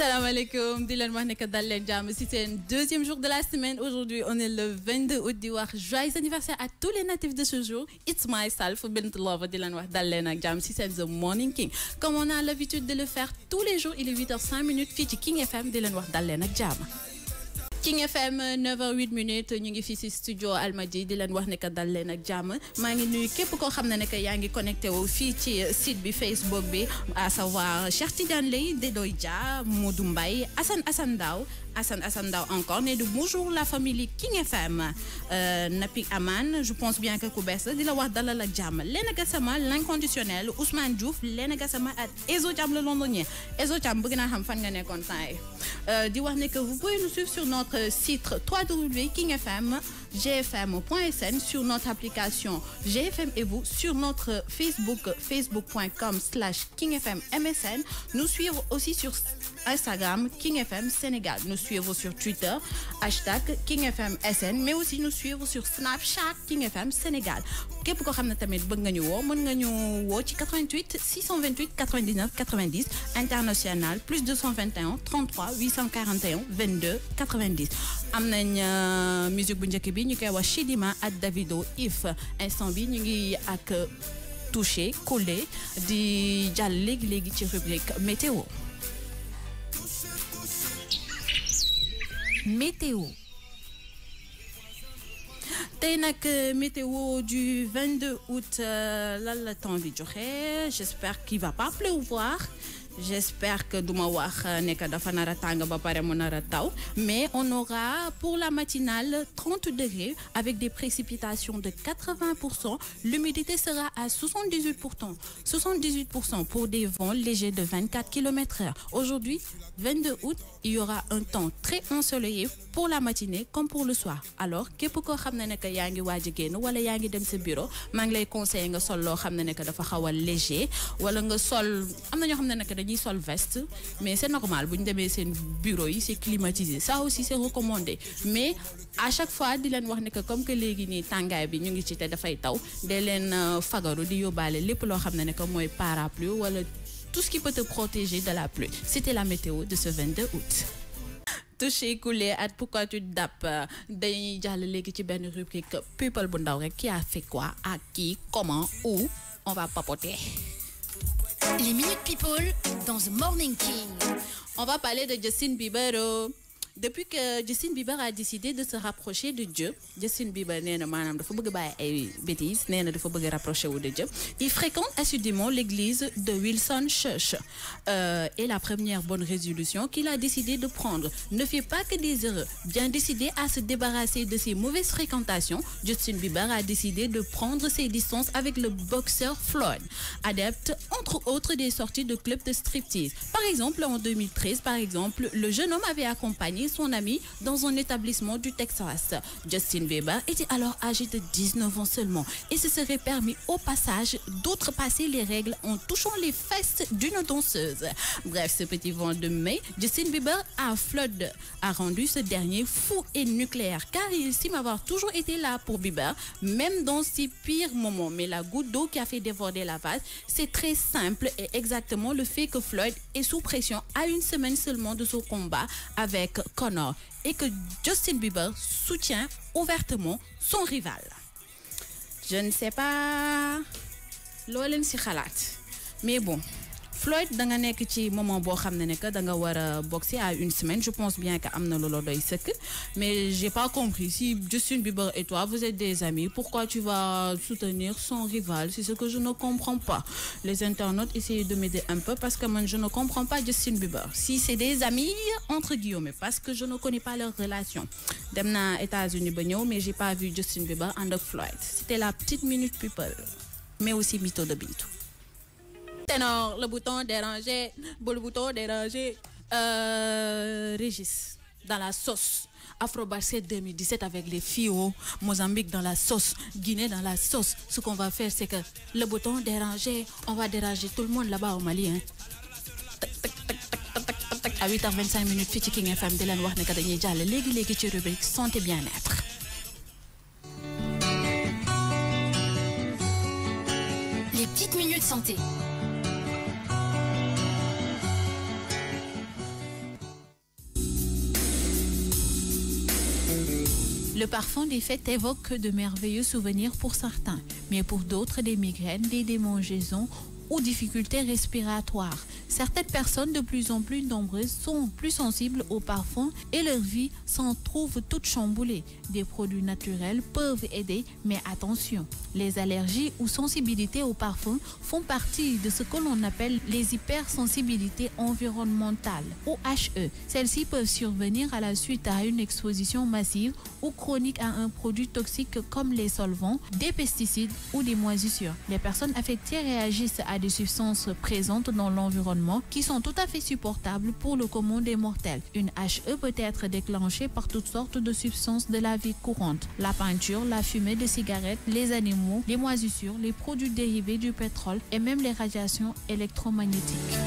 Assalamu alaikum, Dylan le deuxième jour de la semaine aujourd'hui on est le 22 août joyeux anniversaire à tous les natifs de ce jour it's myself Bint Lover Dylan The Morning King comme on a l'habitude de le faire tous les jours il est 8h05 minutes Fiji King FM Dylan leen wax Jam. King FM 9h08 minutes ñu ngi fi ci studio Almadi di leen wax ne ka dal leen ak jàmm maa ngi nuyu képp koo xam ne ne yaa ngi connecté wu fii ci site bi Facebook bi à savoir Cheikh Tidiane Leye Dedoy Dia Modou Mbaye Assane Assane Daw Hassan Assandao encore né de Bonjour la famille King FM euh, Napi Aman je pense bien que ku bees la di la wax dalal ak jàmm l'inconditionnel Ousmane Diouf Lena at Ezo Thiam le londonien Ezo Thiam bëgg xam fan nga nekkoon temps euh di wax que vous pouvez nous suivre sur notre site www.kingfm gfm.sn sur notre application GFM et vous sur notre Facebook facebook.com slash kingfmmsn. Nous suivre aussi sur Instagram KingFM Sénégal. Nous suivre sur Twitter hashtag KingFMSN mais aussi nous suivre sur Snapchat KingFM Sénégal. képp koo tamit bëgg nga ñu 88 628 99 90 international plus 221 33 841 22 90 am euh, musique bi ñu koy wax Chidima ak Davido if instant bi ñu ngi ak touché collé di jàll léegi léegi ci rubrique météo. météo. tey nag euh, météo du 22 août euh, lan la temps bi joxe j'espère qu'il va pas pleuvoir. J'espère que Dumawach wax euh, ne dafa mais on aura pour la matinale 30 degrés avec des précipitations de 80 l'humidité sera à 78 78 pour des vents légers de 24 km h aujourd'hui 22 août il y aura un temps très ensoleillé pour la matinée comme pour le soir alors que yaa bureau nga sol léger dañuy sol veste mais c'est normal buñ démé sen bureau yi c'est climatisé ça aussi c'est recommandé mais à chaque fois di len wax ne que comme que légui ni tangay bi ñu ngi ci da fay taw dé len euh, fagaru di yóbbaale lépp lo xamné ne que parapluie wala tout ce qui peut te protéger de la pluie c'était la météo de ce 22 août. touché coulé at pourquoi tu dap dañuy jall légui ci ben rubrique people bu ndaw rek qui a fait quoi à qui comment où on va papoter. Les Minute People dans The Morning King. On va parler de Justin Bieber. Oh depuis que Justin Bieber a décidé de se rapprocher de Dieu Justin Bieber bëgg ay bêtises bëgg rapprocher de Dieu il fréquente assidûment l'église de Wilson Church euh, et la première bonne résolution qu'il a décidé de prendre ne fait pas que des erreurs bien décidé à se débarrasser de ses mauvaises fréquentations Justin Bieber a décidé de prendre ses distances avec le boxeur Floyd adepte entre autres des sorties de clubs de striptease par exemple en 2013 par exemple le jeune homme avait accompagné son ami dans un établissement du Texas. Justin Bieber était alors âgé de 19 ans seulement et se serait permis au passage d'outrepasser les règles en touchant les fesses d'une danseuse. Bref, ce petit vent de mai, Justin Bieber à Flood a rendu ce dernier fou et nucléaire car il estime avoir toujours été là pour Bieber, même dans ses pires moments. Mais la goutte d'eau qui a fait déborder la vase, c'est très simple et exactement le fait que Floyd est sous pression à une semaine seulement de son combat avec et que Justin Bieber soutient ouvertement son rival. Je ne sais pas. Lolim mais bon, Floyd dans un ci moment boo xam ne boxer à une semaine je pense bien que mais j'ai pas compris si Justin Bieber et toi vous êtes des amis pourquoi tu vas soutenir son rival c'est ce que je ne comprends pas les internautes essayent de m'aider un peu parce que moi je ne comprends pas Justin Bieber si c'est des amis entre guillemets parce que je ne connais pas leur relation Demna États-Unis mais j'ai pas vu Justin Bieber and Floyd c'était la petite minute people mais aussi Mito de Bintou Ténor, le bouton dérangé, le bouton dérangé. Euh, Régis, dans la sauce. afro 2017 avec les filles au Mozambique dans la sauce, Guinée dans la sauce. Ce qu'on va faire, c'est que le bouton dérangé, on va déranger tout le monde là-bas au Mali. Hein. À 8h25 minutes, Fiti King FM, Dylan Warneka de le Légui Légui, tu rubrique Santé Bien-être. Les petites minutes santé. Le parfum des fêtes évoque de merveilleux souvenirs pour certains, mais pour d'autres des migraines, des démangeaisons ou difficultés respiratoires. Certaines personnes de plus en plus nombreuses sont plus sensibles aux parfums et leur vie s'en trouve toute chamboulée. Des produits naturels peuvent aider, mais attention, les allergies ou sensibilités aux parfum font partie de ce que l'on appelle les hypersensibilités environnementales, ou HE. Celles-ci peuvent survenir à la suite à une exposition massive ou chronique à un produit toxique comme les solvants, des pesticides ou des moisissures. Les personnes affectées réagissent à des substances présentes dans l'environnement qui sont tout à fait supportables pour le commun des mortels. Une HE peut être déclenchée par toutes sortes de substances de la vie courante. La peinture, la fumée de cigarettes, les animaux, les moisissures, les produits dérivés du pétrole et même les radiations électromagnétiques.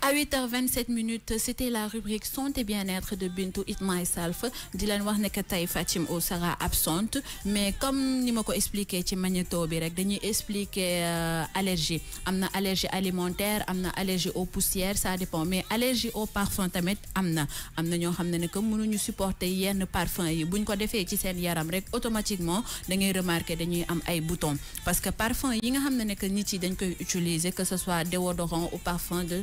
À 8h27 minutes, c'était la rubrique Santé et bien-être de Bintou It Myself. Dylan wax ne que Fatim O sera absente mais comme je l'ai expliqué ci magnéto bi rek dañuy expliquer euh, allergie am allergie alimentaire amna allergie aux poussières ça dépend mais allergie aux parfums c'est amna. Amna am na ñoo ne que mënuñu supporter les parfum Si buñ ko fait, ci que yaram rek automatiquement da remarque remarquer dañuy am des boutons parce que parfum parfums, nga xam que utiliser que ce soit des odorants ou parfum de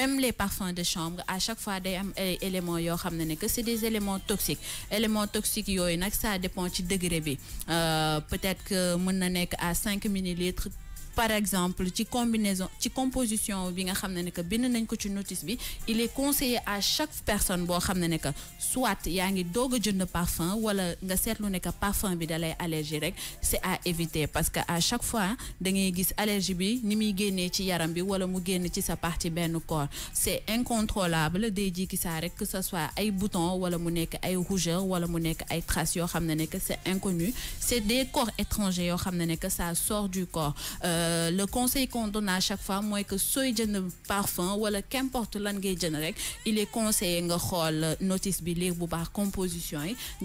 même les parfums de chambre à chaque fois des eh, éléments qui que des éléments toxiques éléments toxiques ça dépend du degré bi euh, peut-être que mën na à 5 millilitres par exemple ci combinaison ci composition bi nga xam ne que bind nañ ko ci notice bi il est conseillé à chaque personne bo xam ne que soit yaa ngi doog a jënd parfum wala nga sétlu nek que parfum bi da lay allergie rek c'est à éviter parce que à chaque fois da ngay gis allergie bi ni mi génnee ci yaram bi wala mu génn ci sa partie ben corps c'est incontrôlable day jikki sa rek que ce soit ay boutons wala mu nek ay rougeur wala mu nek ay traces yo xam que c'est inconnu c'est des corps étrangers yo xam que ça sort du corps. Euh, euh, le conseil qu'on donne à chaque fois moi, que avez un parfum wala qu'importe l'anglais ngay il est conseillé nga la notice bi lire bu composition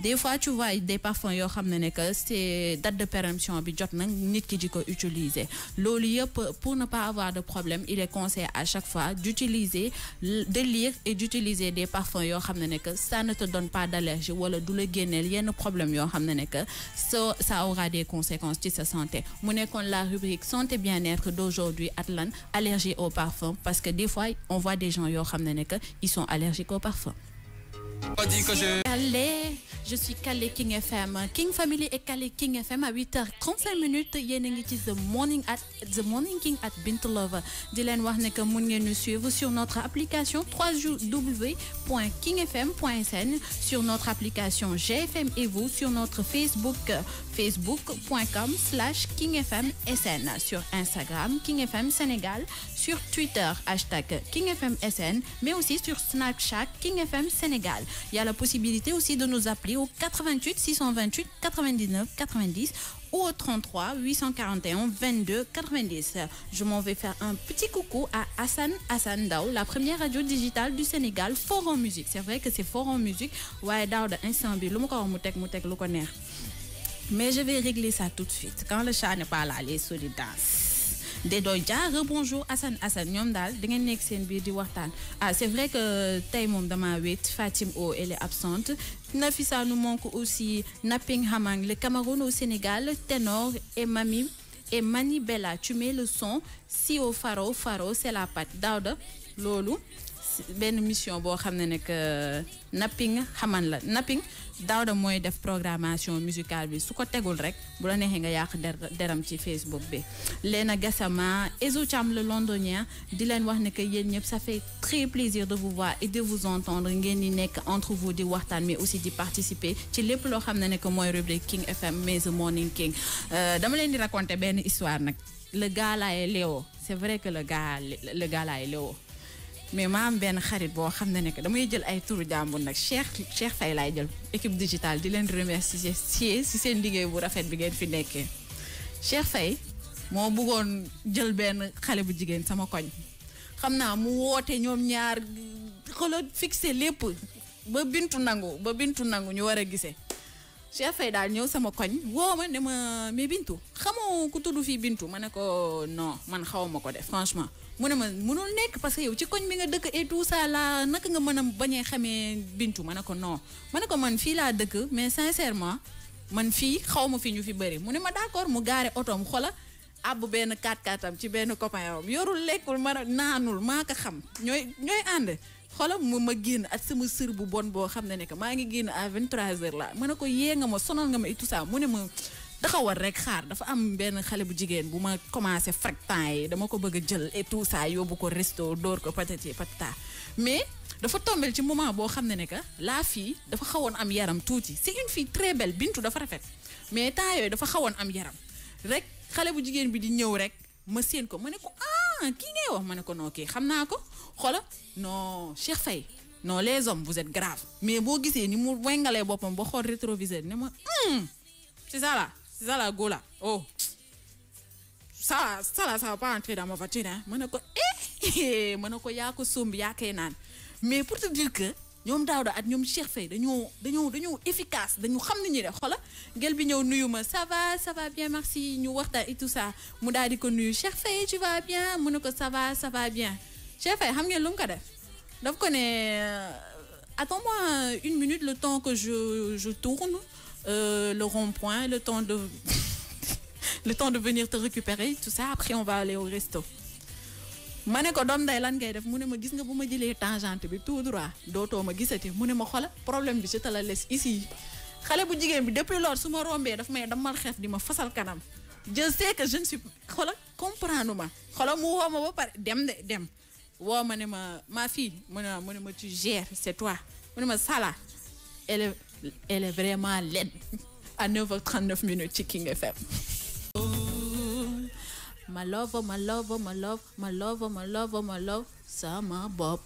des fois tu vois des parfums yoo xam que c'est date de péremption bi jot na nit pour ne pas avoir de problème il est conseillé à chaque fois d'utiliser de lire et d'utiliser des parfums yoo ça ne te donne pas d'allergie ou de la il yenn problème ça aura des conséquences sur sa santé mu la rubrique santé bien-être d'aujourd'hui à allergique allergie au parfum parce que des fois on voit des gens qui ils sont allergiques au parfum je... je suis Calais King FM. King Family et Calais King FM à 8h35 minutes. y a une ci The Morning at The Morning King at Bintou Love wax sur notre application 3 www.kingfm.sn sur notre application GFM et vous sur notre Facebook facebook.com slash kingfmsn sur Instagram King Sénégal sur Twitter, hashtag KingFMSN, mais aussi sur Snapchat KingFM Sénégal. Il y a la possibilité aussi de nous appeler au 88 628 99 90 ou au 33 841 22 90. Je m'en vais faire un petit coucou à Hassan Hassan Dao, la première radio digitale du Sénégal, Forum musique. C'est vrai que c'est Forum musique. Ouais, mais je vais régler ça tout de suite. Quand le chat n'est pas là, les solides Dédoy rebonjour Hassan Hassan ñoom daal da ngeen nekk seen ah c'est vrai que euh, tey Dama damaa Fatim O elle est absente Nafisa nous manque aussi Napping Hamang le Cameroun au Sénégal tenor et Mami et Mani Bella tu mets le son si au Faro Faro c'est la patte Daouda loolu benn mission pour xam ne euh, Napping Hamang la Napping Daouda mooy def programmation musicale bi su ko tegul rek bu la neexee nga yàq deram ci Facebook bi Lena Gassama Ezou cham le londonien di leen wax ne que yéen ñëpp ça fait très plaisir de vous voir et de vous entendre ngeen di nekk entre vous di waxtaan mais aussi di participer ci lépp loo xam ne ne que mooy rubrique King FM mais the morning king euh, dama leen di raconter benn histoire nag le gars là est Léo c'est vrai que le gars le gars là est Léo mais ma benn xarit boo xam ne nekk damay jël ay turu jàmbur nag Cheikh Cheikh Faye laay jël équipe digitale di leen remercier si si seen liggéey bu rafet bi ngeen fi nekkee Cheikh Faye moo bëggoon jël benn xale bu jigéen sama koñ xam naa mu woote ñoom ñaar xoolal fixé lépp ba bintu nangu ba bintu nangu ñu war a gisee Cheikh Faye daal ñëw sama koñ woo ma ne ma mais bintu xamoo ku tudd fii bintu ma ne ko non man xaw ma ko def franchement mu ne ma mënul nekk parce que yow ci koñ bi nga dëkk et tout ça là naka nga mën a bañee xamee bintu ma ne ko non ma ne ko man fii laa dëkk mais sincèrement man fii xaw ma fi ñu fi bëri mu ne ma d'accord mu gaare otoom xola àbb benn kaat kaatam ci benn copain yorul lekkul ma naanul maa ko xam ñooy ñooy ànd xolam mu ma génn ak sama sur bu bon boo xam ne ne que maa ngi génn à 23h la ma ne ko yee nga ma sonal nga ma et tout mu ne ma. dafa war rek xaar dafa am benn xale bu jigéen bu ma commencé fréquent yi dama ko bëgg a jël et tout ça yóbbu ko resto dóor ko patati patata mais dafa tombel ci moment boo xam ne ne que la fille dafa xawoon am yaram tuuti c'est une fille très belle bintu dafa rafet mais temps yooyu dafa xawoon am yaram rek xale bu jigéen bi di ñëw rek ma seen ko ma ne ko ah kii ngay wax ma ne ko noo kii xam naa ko xola non Cheikh Faye non les hommes vous êtes grave mais boo gisee ni mu wengalee boppam ba xool rétroviseur ne ma hmm, c'est ça là c'est ça la go là oh ça ça là ça va pas entrer dans ma voiture hein Monoko, eh, eh monoko na mais pour te dire que ñom Daouda at ñom Cheikh fay dañu dañu dañu efficace dañu xam ni ñuy def xola gel bi ñëw nuyu ça va ça va bien merci ñu waxta et tout ça mu daal di ko nuyu Cheikh fay tu vas bien mu ça va ça va bien Cheikh fay xam ngeen lu ko def daf ko ne euh, attends-moi une minute le temps que je je tourne euh, le rond-point, le temps de le temps de venir te récupérer, tout ça. Après, on va aller au resto. mané ko doom day lan ngay def mu ma gis nga bu ma jëlee tangente bi tout droit dootoo ma gisati mu ma xola problème bi je te la laisse ici xale bu jigéen bi depuis lors su ma rombee daf may damal xeef di ma fasal kanam je sais que je ne suis xola comprendre ma xola mu woo ma ba pare dem de dem woo ma ne ma ma fille mu ne ma tu gères c'est toi mu ne ma sala elle elle est vraiment laide. À 9h39 minutes, Chiking King FM. Oh, oh, my love, my love, oh, my love, my love, my love, my love, sama bob.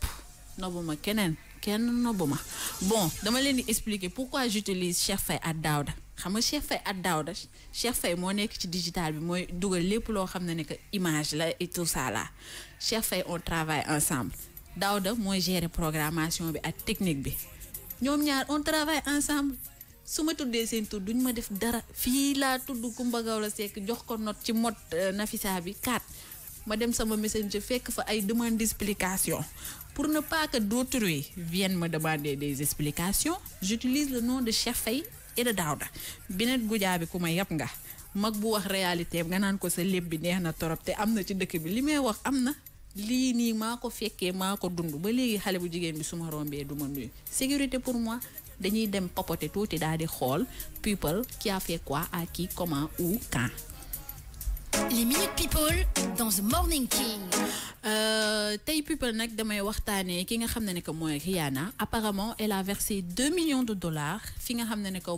Noboma kenen, ken noboma. Bon, dama vais vous expliquer pourquoi j'utilise Cheikh Faye à Daouda. xam nga Cheikh Faye à Daouda Cheikh Faye moo nekk ci digital bi mooy dugal lépp loo que et tout ça là Cheikh on travaille ensemble Daouda gère la programmation et la technique bi. ñoom ñaar on travaille ensemble su ma tuddee seen tur duñ ma def dara fii laa tudd Kumba la Seck jox ko not ci mot euh, Nafisa bi 4 ma dem sama messenger fekk fa ay demande d'explication pour ne pas que d'autrui vienne ma demander des explications j'utilise le nom de Cheikh Faye et de Daouda beneen gujaa ku ma yab nga mag bu wax réalité nga naan ko sa lépp bi neex na torop te am na ci dëkk bi li may wax am na lii nii maa ko fekkee maa ko dund ba léegi xale bu jigéen bi suma rombee du ma nuyu sécurité pour moi dañuy dem papoter tuuti daal di xool pupal ki a fait quoi à qui comment où quand. les minute people dans the morning king. Euh, Tay people nag damay waxtaanee ki nga xam ne que Rihanna apparemment elle a versé 2 millions de dollars fi nga xam ne que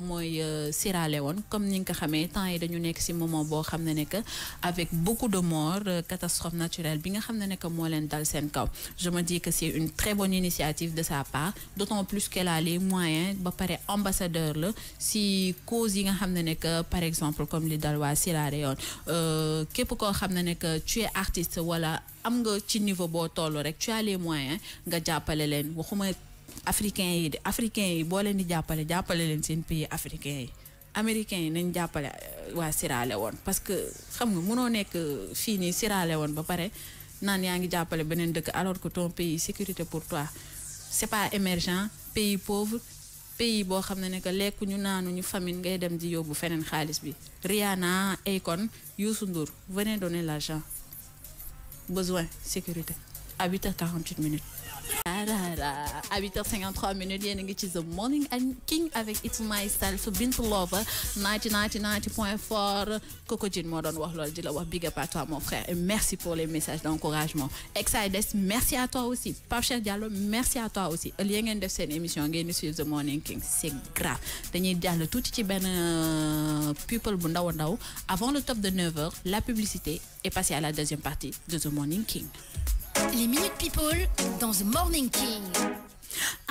euh, Sierra Leone comme ni nga tant et temps yi dañu nekk ci moment que avec beaucoup de morts euh, catastrophe naturelle bi nga xam ne que moo dal kaw je me dis que c'est une très bonne initiative de sa part d'autant plus qu'elle a les moyens ba pare ambassadeur si cause yi nga xam ne que par exemple comme les Dalois, Sierra Leone képp koo xam ne nekk euh, tu es artiste wala am nga ci niveau boo toll rek tu as les moyens nga jàppale leen waxuma africain yi de africain yi boo leen di jàppale jàppale leen seen pays africain yi américain yi nañ jàppale euh, waa Sierra Leone parce que xam nga mënoo nekk euh, fii nii Sierra Leone ba pare naan yaa ngi jàppale beneen dëkk alors que ton pays sécurité pour toi c'est pas émergent pays pauvre pays boo xam ne ne que lekku ñu naanu ñu famine ngay dem di yóbbu feneen xaalis bi Rihanna Akon Youssou venez donner l'argent besoin sécurité habite à 48 minutes à 8h53 minutes yéen a The Morning King avec It's Style, Style, so 90 point fort Coco Jean moo wax loolu di big up à toi mon frère et merci pour les messages d'encouragement Exides merci à toi aussi Pape Dialo merci à toi aussi Le lien de cette émission ngeen sur The Morning King c'est grave dañuy jàll tout ci ben, people bu ndaw avant le top de 9h la publicité est passée à la deuxième partie de The Morning King les Minutes People dans The Morning King.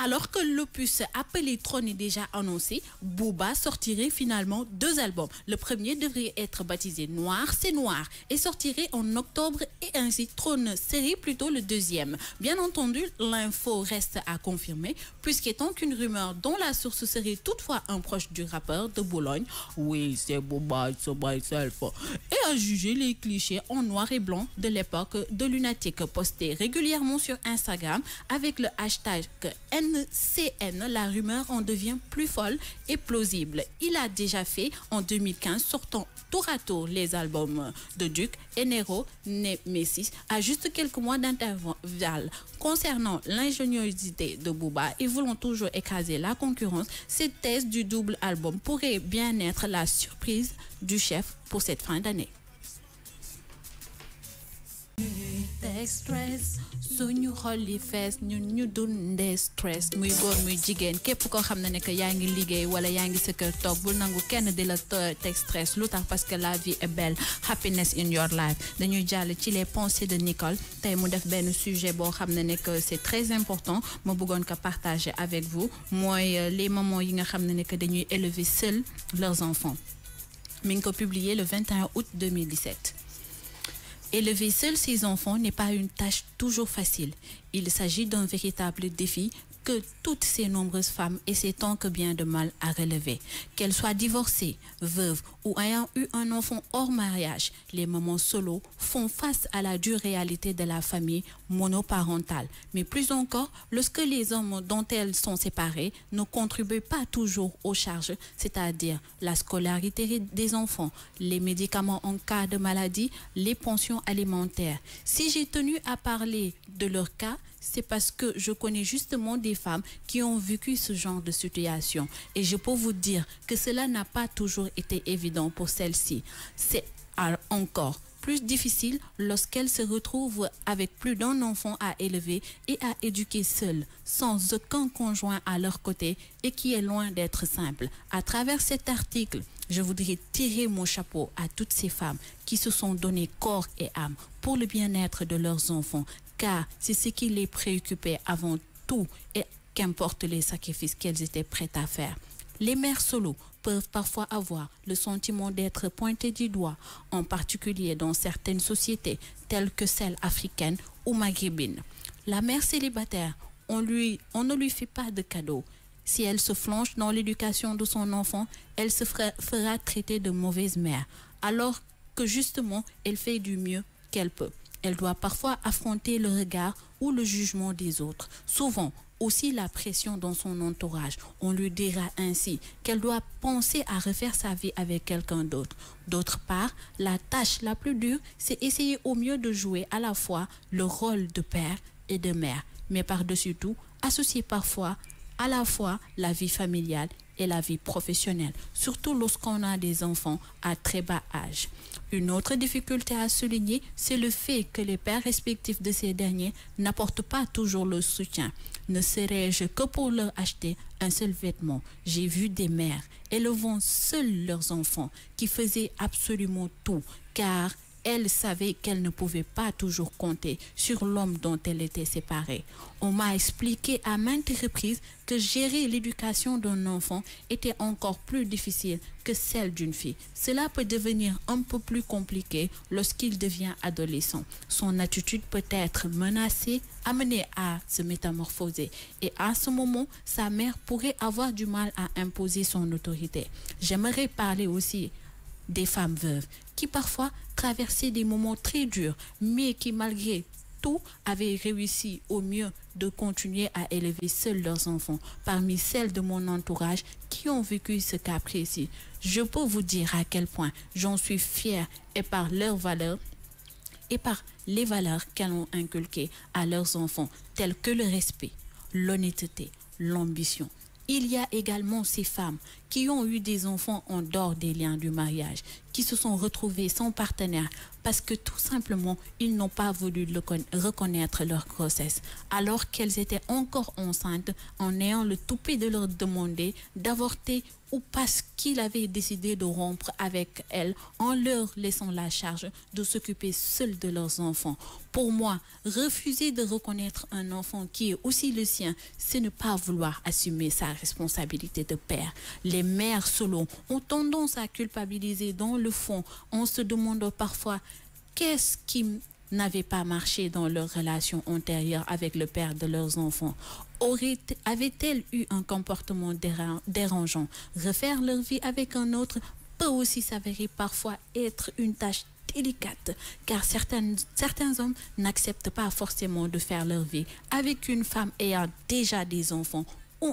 Alors que l'opus appelé Trône est déjà annoncé, Booba sortirait finalement deux albums. Le premier devrait être baptisé Noir, c'est Noir et sortirait en octobre et ainsi Trône serait plutôt le deuxième. Bien entendu, l'info reste à confirmer puisqu'étant qu'une rumeur dont la source serait toutefois un proche du rappeur de Boulogne, oui c'est Booba, it's myself, et à juger les clichés en noir et blanc de l'époque de Lunatic postés régulièrement sur Instagram avec le hashtag NCN, la rumeur en devient plus folle et plausible. Il a déjà fait en 2015, sortant tour à tour les albums de Duc Enero, Nemesis à juste quelques mois d'intervalle. Concernant l'ingéniosité de Booba et voulant toujours écraser la concurrence, cette thèse du double album pourrait bien être la surprise du chef pour cette fin d'année. stress suñu xol li nous ñun ñu stress muy muy képp stress parce que la vie est belle happiness in your life dañuy ci pensées de Nicole mu def c'est très important partager avec vous euh, les mamans leurs enfants le 21 août 2017 Élever seuls ses enfants n'est pas une tâche toujours facile. Il s'agit d'un véritable défi que toutes ces nombreuses femmes et c'est tant que bien de mal à relever. Qu'elles soient divorcées, veuves ou ayant eu un enfant hors mariage, les mamans solo font face à la dure réalité de la famille monoparentale. Mais plus encore, lorsque les hommes dont elles sont séparées ne contribuent pas toujours aux charges, c'est-à-dire la scolarité des enfants, les médicaments en cas de maladie, les pensions alimentaires. Si j'ai tenu à parler de leur cas, c'est parce que je connais justement des femmes qui ont vécu ce genre de situation. Et je peux vous dire que cela n'a pas toujours été évident pour celles-ci. C'est encore plus difficile lorsqu'elles se retrouvent avec plus d'un enfant à élever et à éduquer seules, sans aucun conjoint à leur côté et qui est loin d'être simple. À travers cet article, je voudrais tirer mon chapeau à toutes ces femmes qui se sont données corps et âme pour le bien-être de leurs enfants, car c'est ce qui les préoccupait avant tout et qu'importe les sacrifices qu'elles étaient prêtes à faire. Les mères solo peuvent parfois avoir le sentiment d'être pointées du doigt, en particulier dans certaines sociétés telles que celles africaines ou maghrébines. La mère célibataire, on, lui, on ne lui fait pas de cadeau. Si elle se flanche dans l'éducation de son enfant, elle se fera traiter de mauvaise mère, alors que justement, elle fait du mieux qu'elle peut. Elle doit parfois affronter le regard ou le jugement des autres, souvent aussi la pression dans son entourage. On lui dira ainsi qu'elle doit penser à refaire sa vie avec quelqu'un d'autre. D'autre part, la tâche la plus dure, c'est essayer au mieux de jouer à la fois le rôle de père et de mère, mais par-dessus tout, associer parfois à la fois la vie familiale et la vie professionnelle, surtout lorsqu'on a des enfants à très bas âge. Une autre difficulté à souligner, c'est le fait que les pères respectifs de ces derniers n'apportent pas toujours le soutien. Ne serais je que pour leur acheter un seul vêtement. J'ai vu des mères élevant seuls leurs enfants qui faisaient absolument tout, car elle savait qu'elle ne pouvait pas toujours compter sur l'homme dont elle était séparée. On m'a expliqué à maintes reprises que gérer l'éducation d'un enfant était encore plus difficile que celle d'une fille. Cela peut devenir un peu plus compliqué lorsqu'il devient adolescent. Son attitude peut être menacée, amenée à se métamorphoser. Et à ce moment, sa mère pourrait avoir du mal à imposer son autorité. J'aimerais parler aussi des femmes veuves qui parfois traversaient des moments très durs, mais qui malgré tout avaient réussi au mieux de continuer à élever seuls leurs enfants. Parmi celles de mon entourage qui ont vécu ce cas précis, je peux vous dire à quel point j'en suis fière et par leurs valeurs et par les valeurs qu'elles ont inculquées à leurs enfants, telles que le respect, l'honnêteté, l'ambition. Il y a également ces femmes qui ont eu des enfants en dehors des liens du mariage, qui se sont retrouvés sans partenaire parce que tout simplement, ils n'ont pas voulu le reconnaître leur grossesse, alors qu'elles étaient encore enceintes en ayant le toupet de leur demander d'avorter ou parce qu'il avait décidé de rompre avec elles en leur laissant la charge de s'occuper seuls de leurs enfants. Pour moi, refuser de reconnaître un enfant qui est aussi le sien, c'est ne pas vouloir assumer sa responsabilité de père. Les mères solo ont tendance à culpabiliser dans le fond On se demande parfois qu'est-ce qui n'avait pas marché dans leur relation antérieure avec le père de leurs enfants Avait-elle eu un comportement dérangeant Refaire leur vie avec un autre peut aussi s'avérer parfois être une tâche délicate, car certains hommes n'acceptent pas forcément de faire leur vie avec une femme ayant déjà des enfants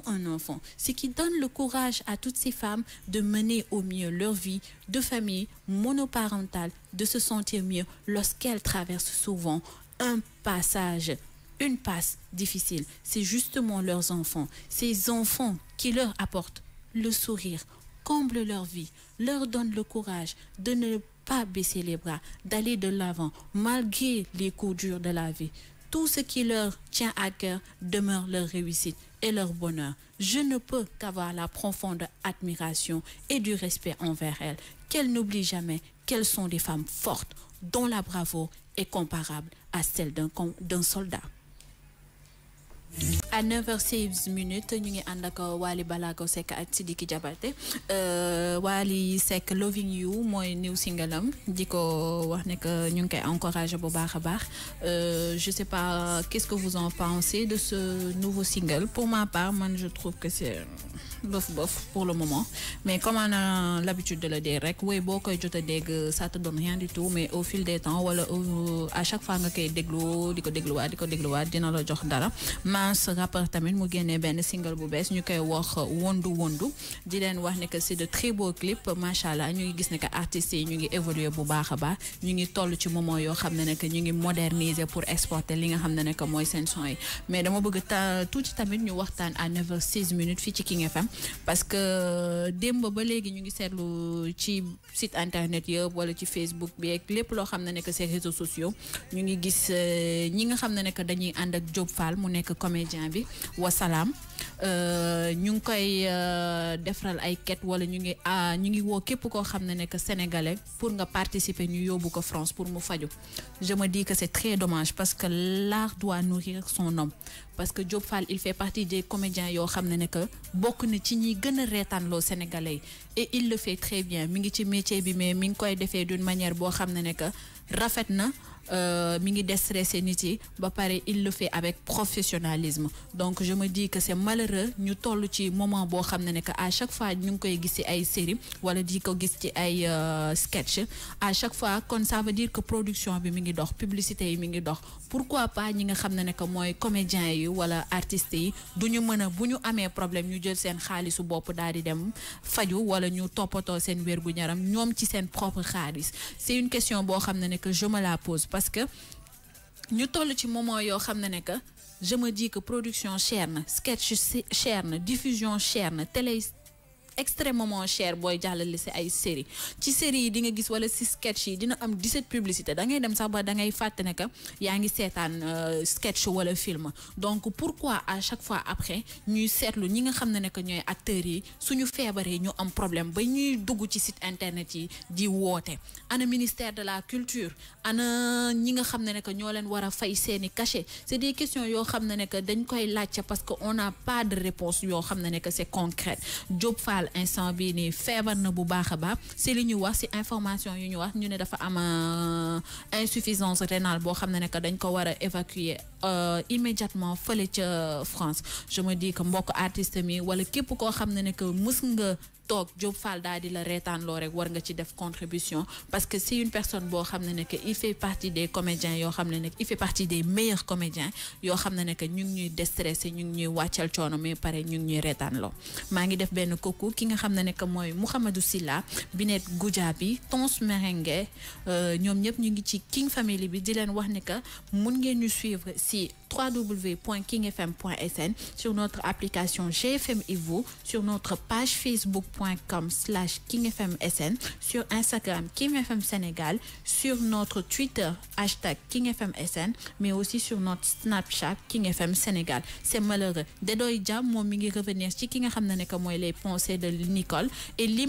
un enfant. Ce qui donne le courage à toutes ces femmes de mener au mieux leur vie de famille monoparentale, de se sentir mieux lorsqu'elles traversent souvent un passage une passe difficile, c'est justement leurs enfants, ces enfants qui leur apportent le sourire, comblent leur vie, leur donnent le courage de ne pas baisser les bras, d'aller de l'avant malgré les coups durs de la vie tout ce qui leur tient à cœur demeure leur réussite et leur bonheur. Je ne peux qu'avoir la profonde admiration et du respect envers elles, qu'elles n'oublient jamais qu'elles sont des femmes fortes dont la bravoure est comparable à celle d'un soldat. 9 h minutes ñu ngi and euh, Loving You moy new single je sais pas qu'est-ce que vous en pensez de ce nouveau single pour ma part man je trouve que c'est bof bof pour le moment mais comme on a l'habitude de le dire rek woy je koy je ça te donne rien du tout mais au fil des temps euh, à chaque fois nga koy dina la jox dara rappeur tamit mu génnee benn single bu wax ne que c'est de très beaux clips macha allah ñu ngi gis ne que artistes yi ñu ngi évoluer bu baax yoo xam ne ne que ñu ngi moderniser pour exporter li nga xam ne ne que mooy seen son yi mais dama bëgg ta tuuti tamit ñu waxtaan à 9 heures 6 minutes fii ci King FM parce que euh, démb ba léegi ñu ngi seetlu ci site internet yëpp wala ci Facebook bi ak lépp loo xam ne ne que ces réseaux sociaux ñu ngi gis euh, ñi nga xam ne ne que dañuy ànd ak Diop Fall mu nekk comédien bi euh, ñu ngi euh, ay pour participer France pour je me dis que c'est très dommage parce que l'art doit nourrir son homme parce que Diop Fall il fait partie des comédiens qui xam sénégalais et il le fait très bien métier mais d'une manière euh, mi ngi déstressé nit yi ba il le fait avec professionnalisme donc je me dis que c'est malheureux ñu toll ci moment bo xamné ne que à chaque fois ñu koy gis ci ay série wala di ko giss ci ay euh, sketch à chaque fois kon ça veut dire que production bi mi ngi dox publicité yi mi ngi dox pourquoi pas ñi nga xamné ne ne que mooy comédiens yi wala artistes yi duñu mëna buñu amé problème ñu jël sen xaalisu bop daal di dem faju wala ñu topoto sen wér gu ñaram ñom ci sen propre xaalis c'est une question bo xamné ne que je me la pose parce que ñu toll ci moment yo je me dis que production chère, sketch chère, diffusion chère, télé extrêmement cher boy jàllale si ay série ci série di nga gis wala si sketch yi dina am 17 publicités da ngay dem sax ba da ngay faté ne ya yaa ngi seetaan euh, sketch wala film donc pourquoi à chaque fois après ñuy sétlu ñi nga xamné ne ne que ñooy acteurs yi suñu feebaree ñu am problème ba ñuy dugg ci site internet yi di woté ana ministère de la culture ana ñi nga xamné ne ne que ñoo leen wara fay seeni cachet c'est des questions yo xamné ne que dañ koy laccé parce que on n'a pas de réponse yo xamné ne que c'est concrète job un instant ni nii na bu baakha C'est wax ci information yu wax euh, insuffisance rénale pour évacuer euh, immédiatement euh, France je me dis que mbok artiste mi wala képp ko ne ne tok job Fall daal di la retane lo rek war nga ci def contribution parce que c'est une personne bo xam ne que il fait partie des comédiens yo xam ne il fait partie des meilleurs comédiens yo xam ne que ñu ngi ñuy déstressé ñu ngi ñuy wàccal coono mais paré ñu ngi ñuy reetaan loo maa ngi def ben kooku ki nga xam ne que Silla Binet Goudiaby Tons Merengue euh, ñom ñep ñu ngi ci King Family bi di len wax ne que ngeen ñu suivre si www.kingfm.sn, sur notre application GFM vous sur notre page facebook.com slash kingfmsn, sur Instagram KingFM Sénégal, sur notre Twitter hashtag KingFMSN, mais aussi sur notre Snapchat KingFM C'est malheureux. dès Dia revenir si ki les pensées de Nicole et li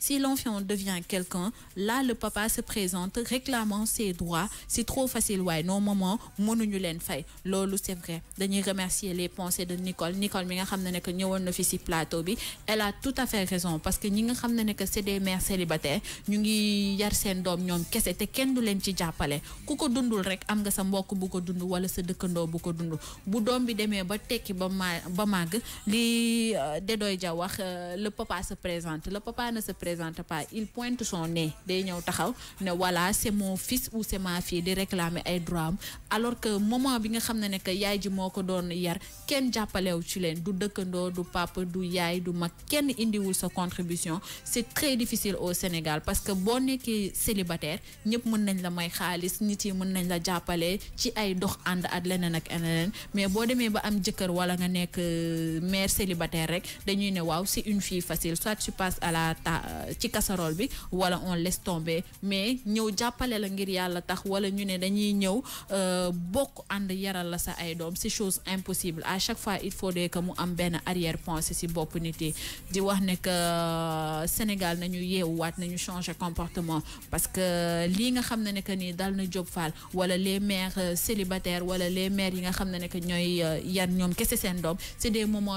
si l'enfant devient quelqu'un là le papa se présente réclamant ses droits c'est trop facile ouais non maman mënuñu leen fay loolu c'est vrai dañuy remercier les pensées de Nicole Nicole mi nga xam ne ne que ñëwoon na fi si plateau bi elle a tout à fait raison parce que ñi nga xam ne que c'est des mères célibataires ñu ngi yar seen doom ñoom kese te kenn du leen ci jàppale ku ko dundul rek am nga sa mbokk bu ko dund wala sa dëkkandoo bu ko dund bu doom bi ba ba ba li euh, wax euh, le papa se présente le papa ne se présente pas il pointe son nez day ñëw taxaw voilà c'est mon fils ou c'est ma fille de réclamer ay droits alors que moment bi nga xam ne ne yaay ji moo ko doon yar kenn jàppalewu ci leen du dëkkandoo du papa du yaay du mag kenn indiwul sa contribution c'est très difficile au Sénégal parce que boo nekkee célibataire ñëpp mën nañ la may xaalis nit yi mën nañ la jàppale ci ay dox ànd ak leneen ak leneen mais boo demee ba am jëkkër wala nga nekk euh, mère célibataire rek dañuy ne waaw c'est une fii facile soit tu passes à la ta euh, ci casserole bi wala on laisse tomber mais ñëw jàppale la ngir yàlla tax wala ñu ne dañuy ñëw euh, bokk And yaral c'est chose impossible à chaque fois il faut que mu am ben arrière pensée ci bop nit di wax ne que euh, Sénégal nañu nañu changer comportement parce que euh, li nga xamné ne c'est que dal na les mères euh, célibataires wala les mères yi nga xamné ne que yar c'est des moments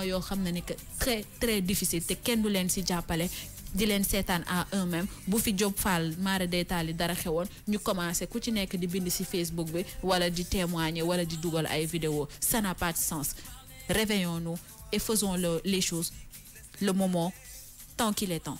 très très difficile té kenn du di setan à un même bu fi job Fall mara daytaali dara xewon ñu commencer ku ci nekk di bind ci Facebook bi wala di témoigner wala di dougal ay vidéo ça n'a pas de sens réveillons-nous et faisons le les choses le moment tant qu'il est temps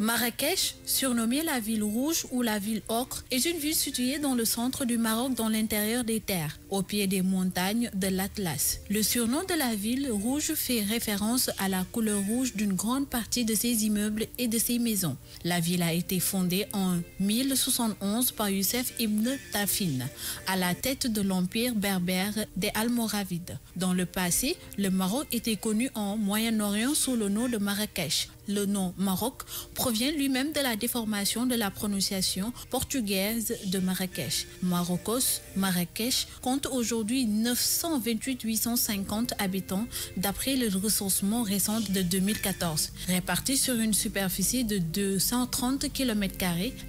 Marrakech, surnommée la ville rouge ou la ville ocre, est une ville située dans le centre du Maroc dans l'intérieur des terres, au pied des montagnes de l'Atlas. Le surnom de la ville rouge fait référence à la couleur rouge d'une grande partie de ses immeubles et de ses maisons. La ville a été fondée en 1071 par Youssef ibn Tafin, à la tête de l'empire berbère des Almoravides. Dans le passé, le Maroc était connu en Moyen-Orient sous le nom de Marrakech le nom Maroc provient lui-même de la déformation de la prononciation portugaise de Marrakech. Marocos, Marrakech compte aujourd'hui 928 850 habitants d'après le recensement récent de 2014. Répartie sur une superficie de 230 km,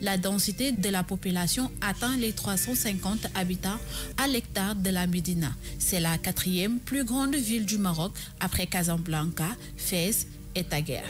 la densité de la population atteint les 350 habitants à l'hectare de la Médina. C'est la quatrième plus grande ville du Maroc après Casablanca, Fès et Taguère.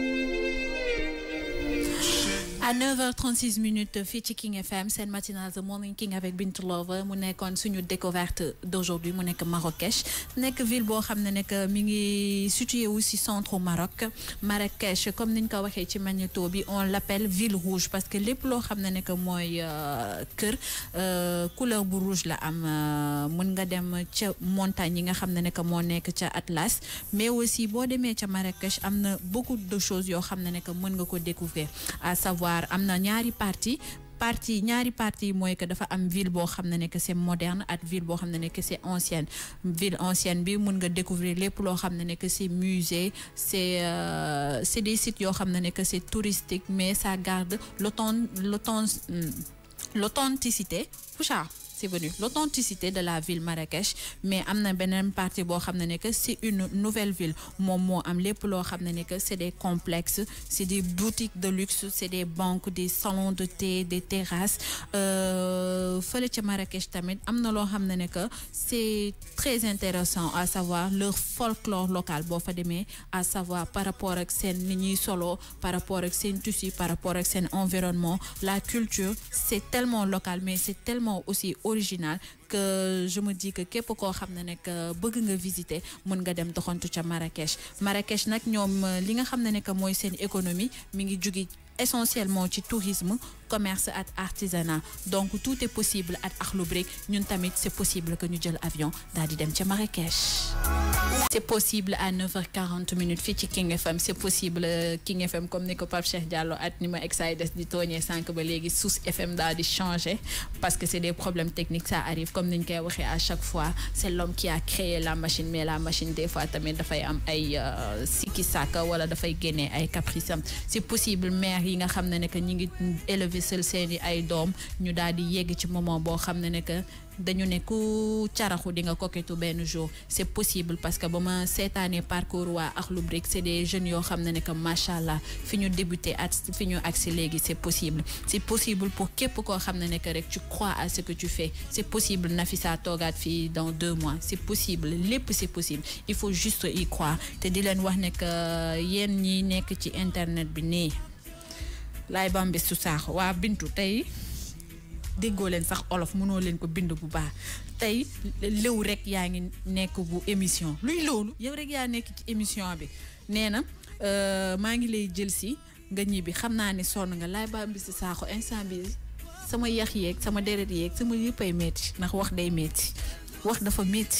à 9h36 minutes fii King FM le matin The Morning King avec Bintou Love mu sur une découverte d'aujourd'hui sommes nekk Marrakech Nous ville boo xam nek, situé aussi centre au Maroc Marrakech comme niñ ko dit on l'appelle ville rouge parce que les loo xam cœur, euh, euh, couleur bu rouge la am euh, montagne yi nga xam Atlas mais aussi boo demee ca Marrakech y beaucoup de choses yo, xam nek, découvrir à savoir pouvoir ñaari parti parti ñaari parti moy mooy que dafa am ville bo xam ne que c'est moderne at ville bo xam ne que c'est ancienne ville ancienne bi mun nga découvrir les lo xam ne que c'est musée c'est euh, c'est des sites yo ne que c'est touristique mais ça garde l'auton hmm, l'authenticité c'est venu l'authenticité de la ville Marrakech mais amna benen parti partie c'est une nouvelle ville mon mo am lepp lo c'est des complexes c'est des boutiques de luxe c'est des banques des salons de thé des terrasses euh, Marrakech tamit am lo c'est très intéressant à savoir leur folklore local bo fa à savoir par rapport à sen ni solo par rapport ak sen tissu par rapport à sen environnement la culture c'est tellement local mais c'est tellement aussi original que je me dis que képp ko xam ne nekk euh, bëgg nga visiter mën nga dem doxantu ca Marrakech Marrakech nag ñoom euh, li nga xam ne nekk mooy seen économie mi ngi jugi essentiellement ci tourisme commerce artisanat donc tout est possible à Akhlou Brick ñun tamit c'est possible que nous jël avion daal di Marrakech. c'est possible à 9h40 minutes fi King FM c'est possible euh, King FM comme ni ko Pape Cheikh Diallo at ni ma des di togné 5 ba légui sous FM daal di changer parce que c'est des problèmes techniques ça arrive comme niñ koy à chaque fois c'est l'homme qui a créé la machine mais la machine des fois tamit fay am ay euh, sikki saka wala fay génnee ay caprices c'est possible mère yi nga xamné que ñi ngi élever tiisal seen ay doom ñu daal di yegg ci moment boo xam ne ne que dañu ne ku caraxu di nga koketu benn jour c'est possible parce que ba ma seetaanee parcours waa Akhlou Brick c'est des jeunes yoo xam ne ne que macha allah fi ñu débuté at fi ñu agsi léegi c'est possible c'est possible pour képp koo xam ne ne que rek tu crois à ce que tu fais c'est possible Nafisa toogaat fii dans deux mois c'est possible lépp c'est possible il faut juste y croire te di leen wax ne que yéen ñi nekk ci internet bi nii laay bambe su saaxo waa Bintu tey déggoo leen sax olof mënoo leen ko bind bu baax tey lëw rek yaa ngi nekk bu émission luy loolu yow rek yaa nekk ci émission bi nee na euh, maa ngi lay jël si nga ñibbi xam naa ni sonn nga laay bambe su saaxo instant bi sama yax yeeg sama deret yeeg sama yëppay metti ndax wax day metti wax dafa metti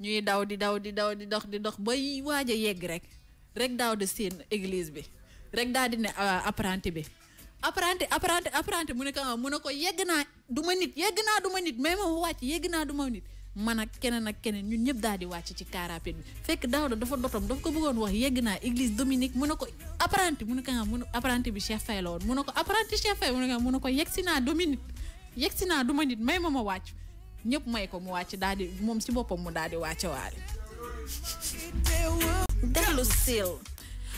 ñuy daw di daw di daw di dox di dox bay waaj a yegg rek rek daaw di seen église bi rek daal di ne euh, apprenti bi apprenti apprenti apprenti mu ne ko ah, mu ne ko yegg naa du ma nit yegg naa du ma nit mais ma wàcc yegg naa du ma nit man ak keneen ak keneen ñun ñëpp daal di wàcc ci car rapide bi fekk daaw da dafa dotom dafa ko bëggoon wax yegg naa église Dominique mu ne ko apprenti mu ne ko ah, mu ne apprenti bi Cheikh Faye la woon mu ne ko apprenti Cheikh Faye mu ne ko mu ne ko yegg si naa Dominique yegg si naa du ma nit may ma ma wàcc ñëpp may ko mu wàcc daal di moom ci boppam mu daal di wàcce waale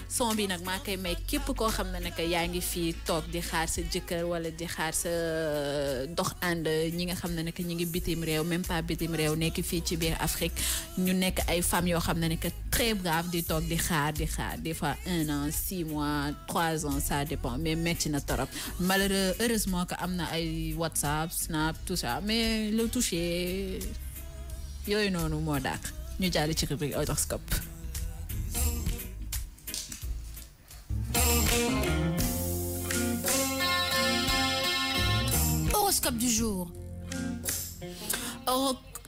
son bi nag maa koy may képp koo xam ne nag yaa ngi fii toog di xaar sa jëkkër wala di xaar sa euh, dox ànd ñi nga xam ne ñi ngi bitim réew même pas bitim réew nekk fii ci biir Afrique ñu nekk ay femmes yoo xam ne très brave di toog di xaar di xaar des fois un an six mois trois ans ça dépend mais métti na torop heureusement que am ay WhatsApp Snap tout ça mais le toucher yooyu noonu moo dàq ñu ci rubrique Horoscope du jour.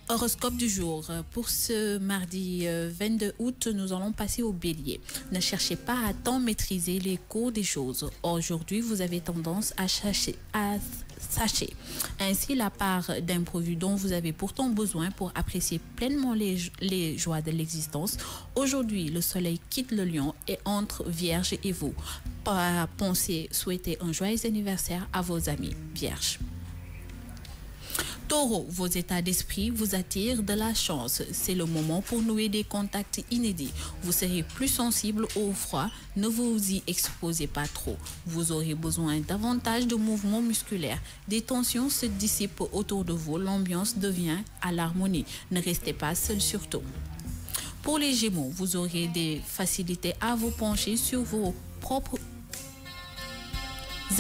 horoscope du jour. Pour ce mardi 22 euh, août, nous allons passer au bélier. Ne cherchez pas à tant maîtriser les cours des choses. Aujourd'hui, vous avez tendance à chercher, à sacher Ainsi, la part d'imprévu dont vous avez pourtant besoin pour apprécier pleinement les, joies de l'existence. Aujourd'hui, le soleil quitte le lion et entre vierge et vous. Pensez souhaiter un joyeux anniversaire à vos amis vierges. Taureau, vos états d'esprit vous attirent de la chance. C'est le moment pour nouer des contacts inédits. Vous serez plus sensible au froid. Ne vous y exposez pas trop. Vous aurez besoin davantage de mouvements musculaires. Des tensions se dissipent autour de vous. L'ambiance devient à l'harmonie. Ne restez pas seul surtout. Pour les Gémeaux, vous aurez des facilités à vous pencher sur vos propres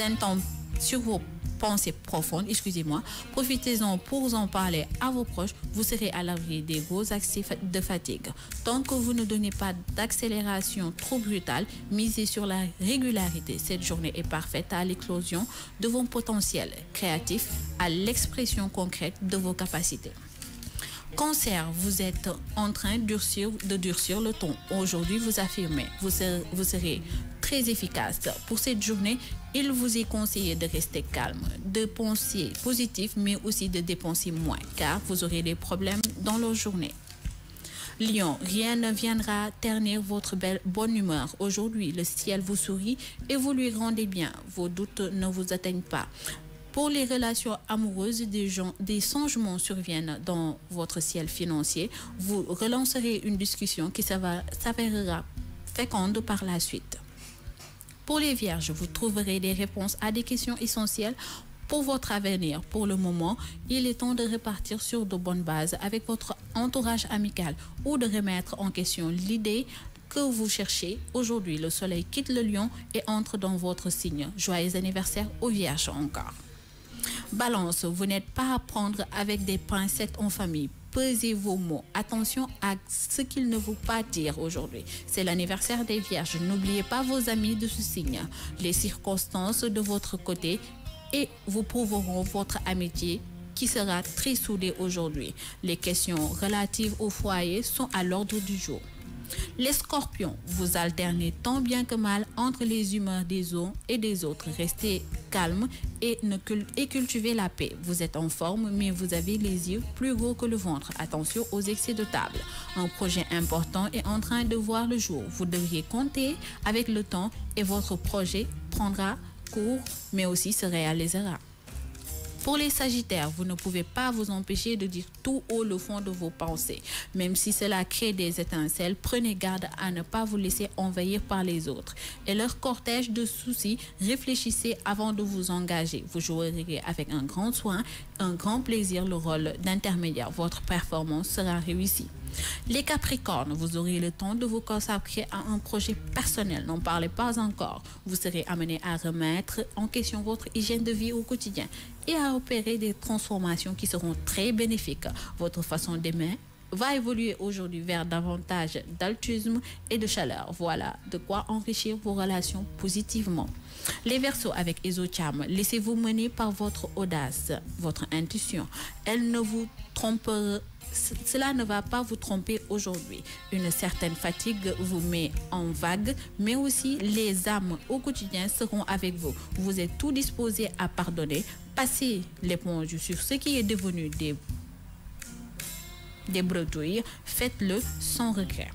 intempéries sur vos pensée profonde, excusez-moi. Profitez-en pour en parler à vos proches. Vous serez à l'abri des gros accès de fatigue. Tant que vous ne donnez pas d'accélération trop brutale, misez sur la régularité. Cette journée est parfaite à l'éclosion de vos potentiels créatifs, à l'expression concrète de vos capacités. Cancer, vous êtes en train de durcir, de durcir le ton. Aujourd'hui, vous affirmez, vous serez très efficace. Pour cette journée, il vous est conseillé de rester calme, de penser positif, mais aussi de dépenser moins, car vous aurez des problèmes dans la journée. Lion, rien ne viendra ternir votre belle bonne humeur. Aujourd'hui, le ciel vous sourit et vous lui rendez bien. Vos doutes ne vous atteignent pas. Pour les relations amoureuses, des, gens, des changements surviennent dans votre ciel financier. Vous relancerez une discussion qui s'avérera féconde par la suite. Pour les vierges, vous trouverez des réponses à des questions essentielles pour votre avenir. Pour le moment, il est temps de repartir sur de bonnes bases avec votre entourage amical ou de remettre en question l'idée que vous cherchez. Aujourd'hui, le soleil quitte le lion et entre dans votre signe. Joyeux anniversaire aux vierges encore. Balance, vous n'êtes pas à prendre avec des pincettes en famille pesez vos mots. Attention à ce qu'il ne vous pas dire aujourd'hui. C'est l'anniversaire des Vierges. N'oubliez pas vos amis de ce signe. Les circonstances de votre côté et vous prouveront votre amitié qui sera très soudée aujourd'hui. Les questions relatives au foyer sont à l'ordre du jour. Les scorpions, vous alternez tant bien que mal entre les humeurs des uns et des autres. Restez calme et, et cultivez la paix. Vous êtes en forme, mais vous avez les yeux plus gros que le ventre. Attention aux excès de table. Un projet important est en train de voir le jour. Vous devriez compter avec le temps et votre projet prendra cours, mais aussi se réalisera. Pour les Sagittaires, vous ne pouvez pas vous empêcher de dire tout haut le fond de vos pensées. Même si cela crée des étincelles, prenez garde à ne pas vous laisser envahir par les autres. Et leur cortège de soucis, réfléchissez avant de vous engager. Vous jouerez avec un grand soin, un grand plaisir le rôle d'intermédiaire. Votre performance sera réussie. Les Capricornes, vous aurez le temps de vous consacrer à un projet personnel. N'en parlez pas encore. Vous serez amené à remettre en question votre hygiène de vie au quotidien et à opérer des transformations qui seront très bénéfiques. Votre façon d'aimer va évoluer aujourd'hui vers davantage d'altruisme et de chaleur. Voilà de quoi enrichir vos relations positivement. Les versos avec Esocham, laissez-vous mener par votre audace, votre intuition. Elle ne vous trompera cela ne va pas vous tromper aujourd'hui. Une certaine fatigue vous met en vague, mais aussi les âmes au quotidien seront avec vous. Vous êtes tout disposé à pardonner, Passez l'éponge sur ce qui est devenu des, des bretouilles, faites-le sans regret.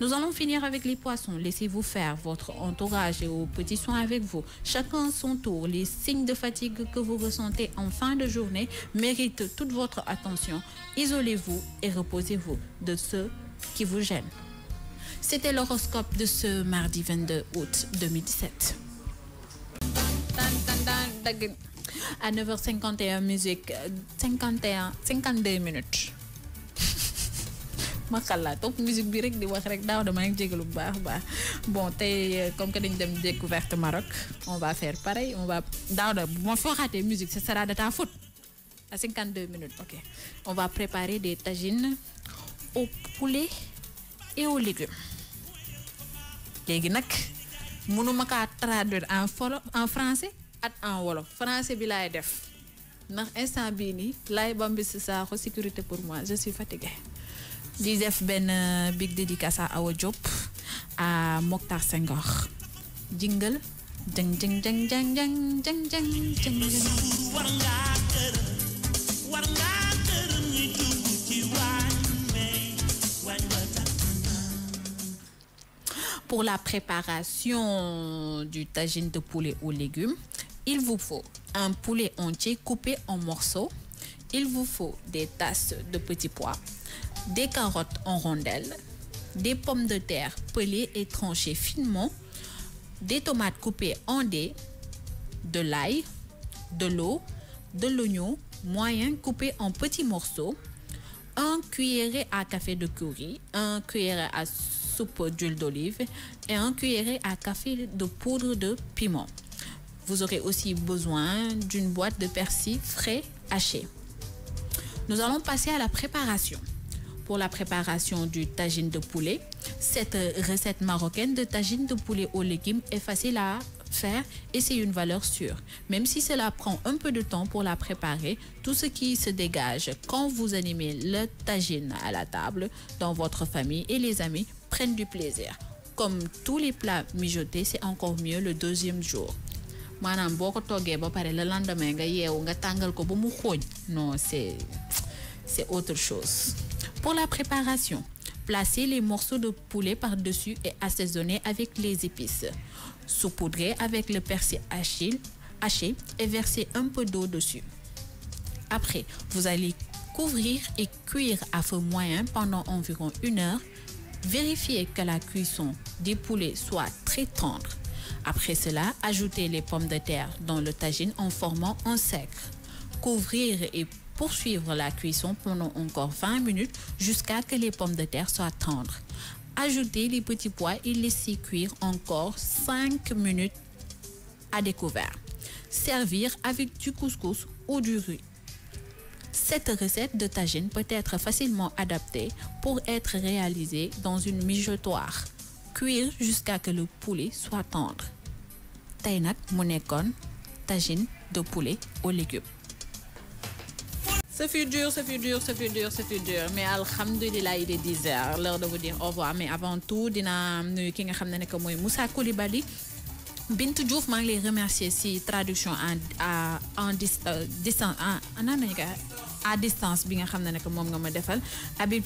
Nous allons finir avec les poissons. Laissez-vous faire votre entourage et vos petits soins avec vous. Chacun son tour. Les signes de fatigue que vous ressentez en fin de journée méritent toute votre attention. Isolez-vous et reposez-vous de ceux qui vous gênent. C'était l'horoscope de ce mardi 22 août 2017 à 9h51 musique 51 euh, 52 minutes ma xalaat top musique bi rek di wax rek daw dama ngi bu baax baax bon tey euh, comme que dañu dem découverte Maroc on va faire pareil on va daw da bu ma musique ce sera de ta faute à 52 minutes ok on va préparer des tagines au poulet et aux légumes léegi nak munu maka traduire en en français at en wolof français bi lay def ndax instant bii nii lay bambi si saaxo sécurité pour moi je suis fatigué di def benn euh, big dédicace à Awa Diop à Mokhtar Senghor jingle jëng jëng jëng jëng jëng jëng jëng jëng pour la préparation du tagine de poulet aux légumes il vous faut un poulet entier coupé en morceaux. Il vous faut des tasses de petits pois, des carottes en rondelles, des pommes de terre pelées et tranchées finement, des tomates coupées en dés, de l'ail, de l'eau, de l'oignon moyen coupé en petits morceaux, un cuillerée à café de curry, un cuillerée à soupe d'huile d'olive et un cuillerée à café de poudre de piment. Vous aurez aussi besoin d'une boîte de persil frais haché. Nous allons passer à la préparation. Pour la préparation du tagine de poulet, cette recette marocaine de tagine de poulet aux légumes est facile à faire et c'est une valeur sûre. Même si cela prend un peu de temps pour la préparer, tout ce qui se dégage quand vous animez le tagine à la table dans votre famille et les amis prennent du plaisir. Comme tous les plats mijotés, c'est encore mieux le deuxième jour c'est autre chose pour la préparation Placez les morceaux de poulet par-dessus et assaisonnez avec les épices. Saupoudrez avec le persil haché et versez un peu d'eau dessus. Après, vous allez couvrir et cuire à feu moyen pendant environ une heure. Vérifiez que la cuisson des poulets soit très tendre. Après cela, ajoutez les pommes de terre dans le tagine en formant un sec. Couvrir et poursuivre la cuisson pendant encore 20 minutes jusqu'à que les pommes de terre soient tendres. Ajoutez les petits pois et laissez cuire encore 5 minutes à découvert. Servir avec du couscous ou du riz. Cette recette de tagine peut être facilement adaptée pour être réalisée dans une mijotoire. Cuire jusqu'à ce que le poulet soit tendre tay nak mu nekkoon tajine de poulet aux légumes. ça fut dur, ça fut dur, ça fut dur, ce fut dur. Mais alhamdulillah, il est 10h. L'heure de vous dire au revoir. Mais avant tout, dina nuyu ki nga xam que mooy Moussa Koulibaly. Bintou Diouf maa ngi remercier si traduction en en en en en à distance bien, nga je ne nag moom nga ma Habib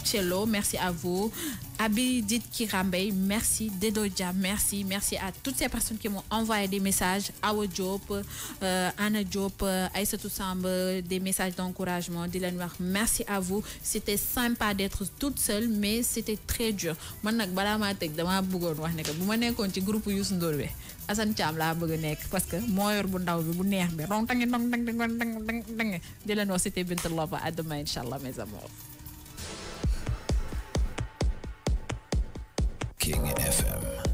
merci à vous Abidit Kirambey merci Dedoja, merci merci à toutes ces personnes qui m'ont envoyé des messages Awa Diop euh, Anna Diop euh, Aïssatou Samb des messages d'encouragement di merci à vous c'était sympa d'être toute seule mais c'était très dur Je suis très maa de vous bëggoon wax que groupe asan cham la bëgg nekk parce que moyeur bu ndaw ya. bi bu neex bi rong tangi nong dang dang dang dang dang di la no cité bint lova à demain inshallah mes amours king fm